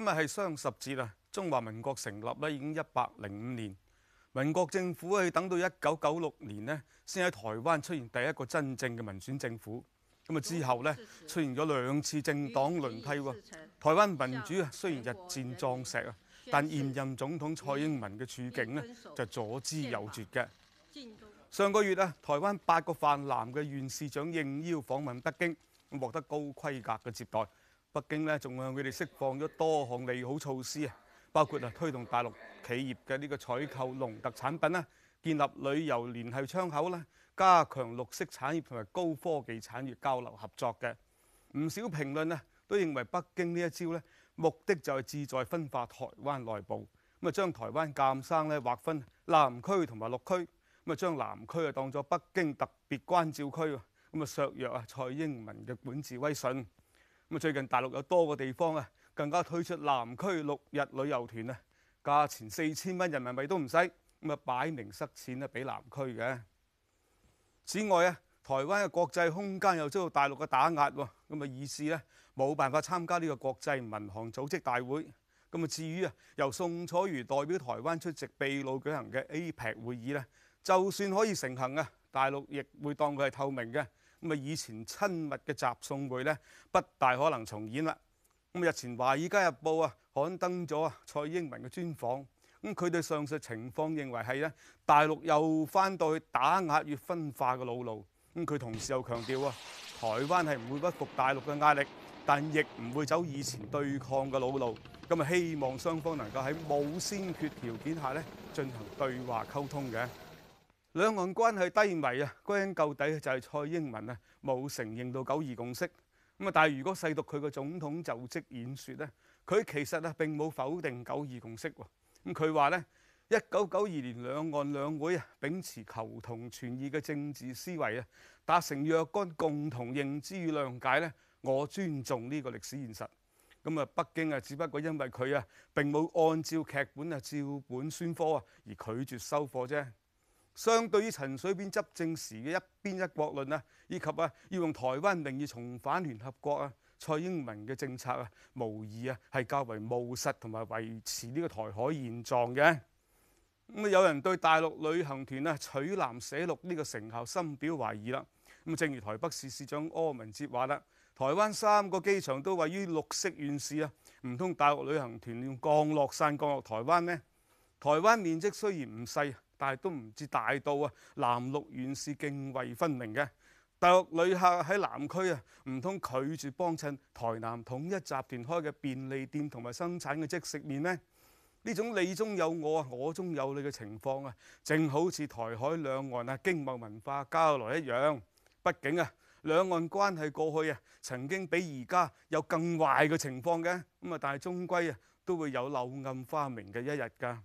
今日係雙十節啊！中華民國成立咧已經一百零五年，民國政府係等到一九九六年咧，先喺台灣出現第一個真正嘅民選政府。咁啊之後呢，出現咗兩次政黨輪替。台灣民主雖然日漸壯碩啊，但現任總統蔡英文嘅處境呢，就左支右絶嘅。上個月啊，台灣八個泛藍嘅縣市長應邀訪問北京，獲得高規格嘅接待。北京咧仲向佢哋釋放咗多項利好措施啊，包括啊推動大陸企業嘅呢個採購農特產品啦，建立旅遊聯繫窗口啦，加強綠色產業同埋高科技產業交流合作嘅。唔少評論呢都認為北京呢一招咧目的就係志在分化台灣內部，咁啊將台灣釀生咧劃分南區同埋六區，咁啊將南區啊當作北京特別關照區，咁啊削弱啊蔡英文嘅管治威信。咁啊，最近大陸有多個地方啊，更加推出南區六日旅遊團啊，價錢四千蚊人民幣都唔使，咁啊擺明塞錢咧俾南區嘅。此外啊，台灣嘅國際空間又遭到大陸嘅打壓，咁啊以致咧冇辦法參加呢個國際民航組織大會。咁啊至於啊，由宋楚瑜代表台灣出席秘魯舉行嘅 APEC 會議咧，就算可以成行啊，大陸亦會當佢係透明嘅。以前親密嘅集送會不大可能重演啦。日前《華爾街日報》刊登咗蔡英文嘅專訪。他佢對上述情況認為係大陸又返到去打壓與分化嘅老路。他佢同時又強調台灣係唔會屈服大陸嘅壓力，但亦唔會走以前對抗嘅老路。希望雙方能夠喺冇先決條件下進進行對話溝通嘅。兩岸關係低迷啊，歸根究底就係蔡英文啊冇承認到九二共識咁啊。但係如果細讀佢個總統就職演説咧，佢其實啊並冇否定九二共識喎。咁佢話咧，一九九二年兩岸兩會啊，秉持求同存異嘅政治思維啊，達成若干共同認知與諒解咧，我尊重呢個歷史現實。咁啊，北京啊，只不過因為佢啊並冇按照劇本啊照本宣科啊，而拒絕收貨啫。相對於陳水扁執政時嘅一邊一國論啊，以及啊要用台灣名義重返聯合國啊，蔡英文嘅政策啊，無疑啊係較為務實同埋維持呢個台海現狀嘅。咁啊，有人對大陸旅行團啊取藍捨綠呢個成效深表懷疑啦。咁正如台北市市長柯文哲話啦，台灣三個機場都位於綠色縣市啊，唔通大陸旅行團用降落傘降落台灣咩？台灣面積雖然唔細。但係都唔至大度啊！南六縣市涇渭分明嘅，大陸旅客喺南區啊，唔通拒絕幫襯台南統一集團開嘅便利店同埋生產嘅即食麵呢？呢種你中有我啊，我中有你嘅情況啊，正好似台海兩岸啊經貿文化交流一樣。畢竟啊，兩岸關係過去啊曾經比而家有更壞嘅情況嘅，咁啊但係終歸啊都會有柳暗花明嘅一日㗎。